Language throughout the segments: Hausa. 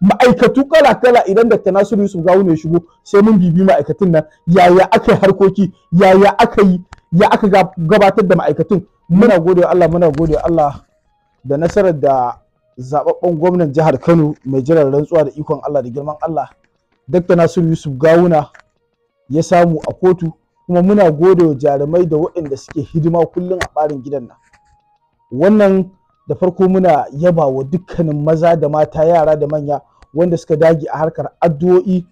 ma'aikatu kala kala idan da Nasiru Yusuf Gawu ne shigo sai mun bibi ma'aikatun nan yaya aka yi harkoki yaya aka yi ya aka gabatar da ma'aikatun muna gode Allah muna gode Allah da nasarar da zababben gwamnan jihar Kano mai jiran rantsuwa da ikon Allah da girman Allah Dr. Nasiru Yusuf Gawuna ya samu a kotu kuma muna gode wa jarumai da waɗanda suke hidima kullum a ɓarin gidan nan wannan da farko muna yaba wa dukkanin maza da mata yara da manya wanda suka dage a harkar addu'o'i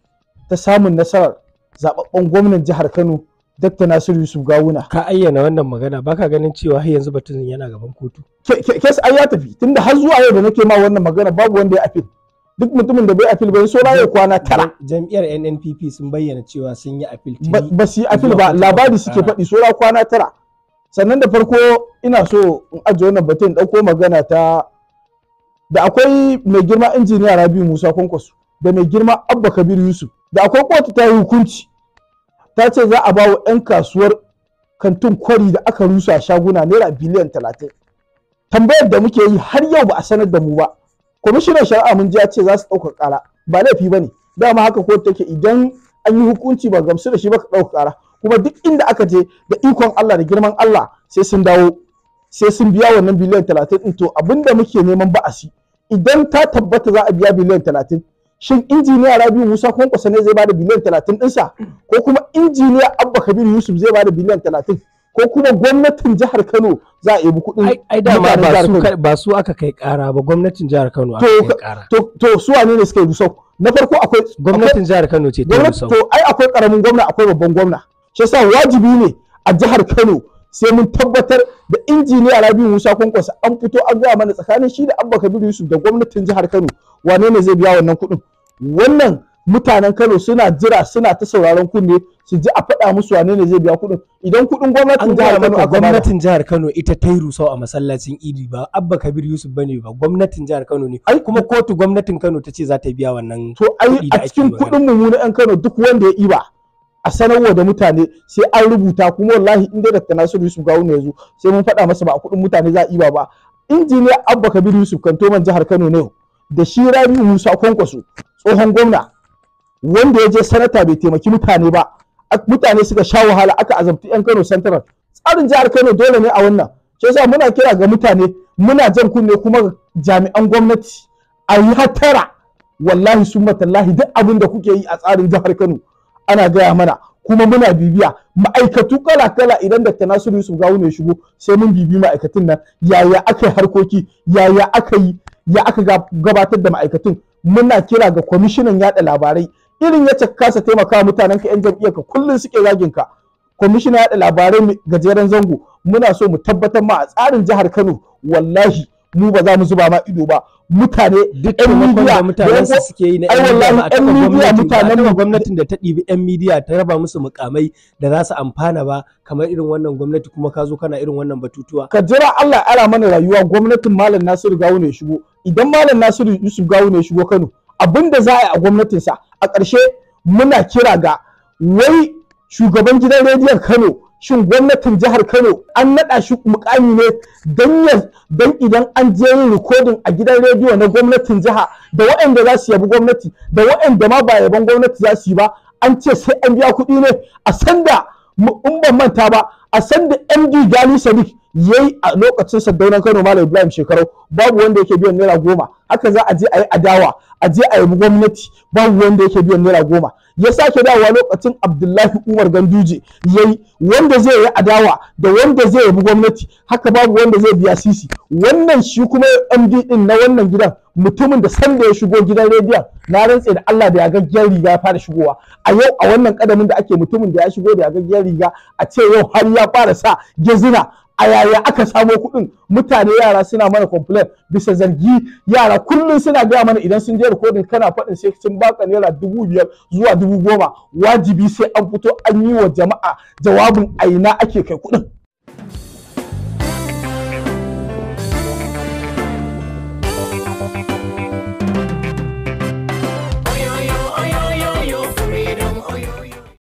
ta samun nasarar zababben gwamnan jihar Kano Dr. Nasiru Yusuf Gawuna. Ka ayyana wannan magana baka ganin cewa har yanzu batun yana gaban kotu. Kes ai ya tafi tunda har zuwa yau da nake ma wannan magana babu wanda ya afil. Duk mutumin da bai afil bai so ya kwana tara. Jam'iyyar NNPP sun bayyana cewa sun yi afil. Ba su yi afil ba labari suke ah. faɗi so kwana tara. Sannan da farko ina so in ajiye wannan batun ɗauko magana ta da akwai mai girma injiniya Rabi Musa Kwankwaso da mai girma Abba Kabir Yusuf da akwai kotu ta yi hukunci ta ce za a bawa 'yan kasuwar kantin kwari da aka rusa shaguna naira biliyan talatin tambayar da muke yi har yau ba a sanar da mu ba kwamishinan shari'a mun ji ya ce za su ɗauka ƙara ba laifi ba ne dama haka kotu take idan an yi hukunci ba gamsu da shi ba ka ɗauka ƙara kuma duk inda aka je da ikon Allah da girman Allah sai sun dawo sai sun biya wannan biliyan talatin ɗin to abinda muke neman ba'asi idan ta tabbata za a biya biliyan talatin shin injiniya rabiu musa kwankwasa ne zai bada biliyan talatin ɗinsa ko kuma injiniya abba kabiru yusuf zai bada biliyan talatin ko kuma gwamnatin jihar Kano za a ibi kuɗin ai ba su aka kai ƙara ba gwamnatin jihar Kano aka kai ƙara to su wane ne suka yi rusau na farko akwai gwamnatin jihar Kano ce ta rusau to ai akwai ƙaramin gwamna akwai babban gwamna shi yasa wajibi ne a jihar Kano sai mun tabbatar da injiniya Rabiu Musa Kwankwasa an fito an gaya mana tsakanin shi da Abba Kabir Yusuf da gwamnatin jihar Kano wane ne zai biya wannan kuɗin wannan mutanen Kano suna jira suna ta sauraron kunne su ji a faɗa musu wane ne zai biya kuɗin idan kuɗin gwamnatin jihar Kano gwamnatin jihar Kano ita ta yi rusau a masallacin Idi ba Abba Kabir Yusuf bane ba gwamnatin jihar Kano ne ai kuma kotu gwamnatin Kano ta ce za ta biya wannan to ai a cikin kuɗin mu na ƴan Kano duk wanda ya iba a sanarwa da mutane sai an rubuta kuma wallahi inda da da Nasiru Yusuf Gawo ne yazo sai mun faɗa masa ba a kuɗin mutane za a iba ba injiniya Abba Kabir Yusuf Kantoman jihar Kano ne da shi Rabi'u Musa Kwankwaso tsohon gwamna wanda ya je sanata bai taimaki mutane ba mutane suka sha wahala aka azabti yan Kano Central tsarin jihar Kano dole ne a wannan shi yasa muna kira ga mutane muna jan kunne kuma jami'an gwamnati a yi hatara wallahi summa duk abin da kuke yi a tsarin jihar Kano ana gaya mana kuma muna bibiya ma'aikatu kala-kala idan da nasiru yusuf gawo ne shigo sai mun bibi ma'aikatun nan yaya aka yi harkoki yaya aka yi ya aka gabatar da ma'aikatun muna kira ga kwamishinan yada labarai irin ya kasa taimaka mutanen ka yan jam'iyyar ka kullun suke zagin ka kwamishinan yada labarai gajeren zango muna so mu tabbatar ma a tsarin jihar kano wallahi mu ba za mu zuba ma ido ba mutane yan midiya mutanen su suke yi na ai wallahi yan media mutanen gwamnatin da ta ɗibi yan midiya ta raba musu mukamai da za su amfana ba kamar irin wannan gwamnati kuma ka zo kana irin wannan batutuwa ka jira Allah ara mana rayuwa gwamnatin malam Nasiru Gawo ne shigo idan malam Nasiru Yusuf Gawo ne shigo Kano abinda da za a yi a gwamnatinsa a ƙarshe muna kira ga wai shugaban gidan rediyon Kano shin gwamnatin jihar Kano an naɗa shi mukami ne don don idan an je yin rikodin a gidan rediyo na gwamnatin jiha da waɗanda za su yabi gwamnati da waɗanda ma ba yaban gwamnati za su yi ba an ce sai an biya kuɗi ne a sanda in ban manta ba a sanda MD Gani Sadiq yayi a lokacin Sadaunan Kano Malam Ibrahim Shekarau babu wanda yake biyan naira goma haka za a je a yi adawa a je a yabi gwamnati babu wanda yake biyan naira goma ya sake dawowa lokacin Abdullahi Umar Ganduje yi wanda zai yi adawa da wanda zai yabi gwamnati haka babu wanda zai biya sisi wannan shi kuma MD din na wannan gidan mutumin da sanda ya shigo gidan rediyon na rantse da Allah da ya gaggiyar riga ya fara shigowa a yau a wannan kadamin da ake mutumin da ya shigo da ya gaggiyar riga a ce yau har ya fara sa gezina a yaya aka samo kuɗin mutane yara suna mana complain bisa zargi yara kullum suna gaya mana idan sun je rikodin kana faɗin sai sun baka naira dubu biyar zuwa dubu goma wajibi sai an fito an yi wa jama'a jawabin aina ake kai kuɗin.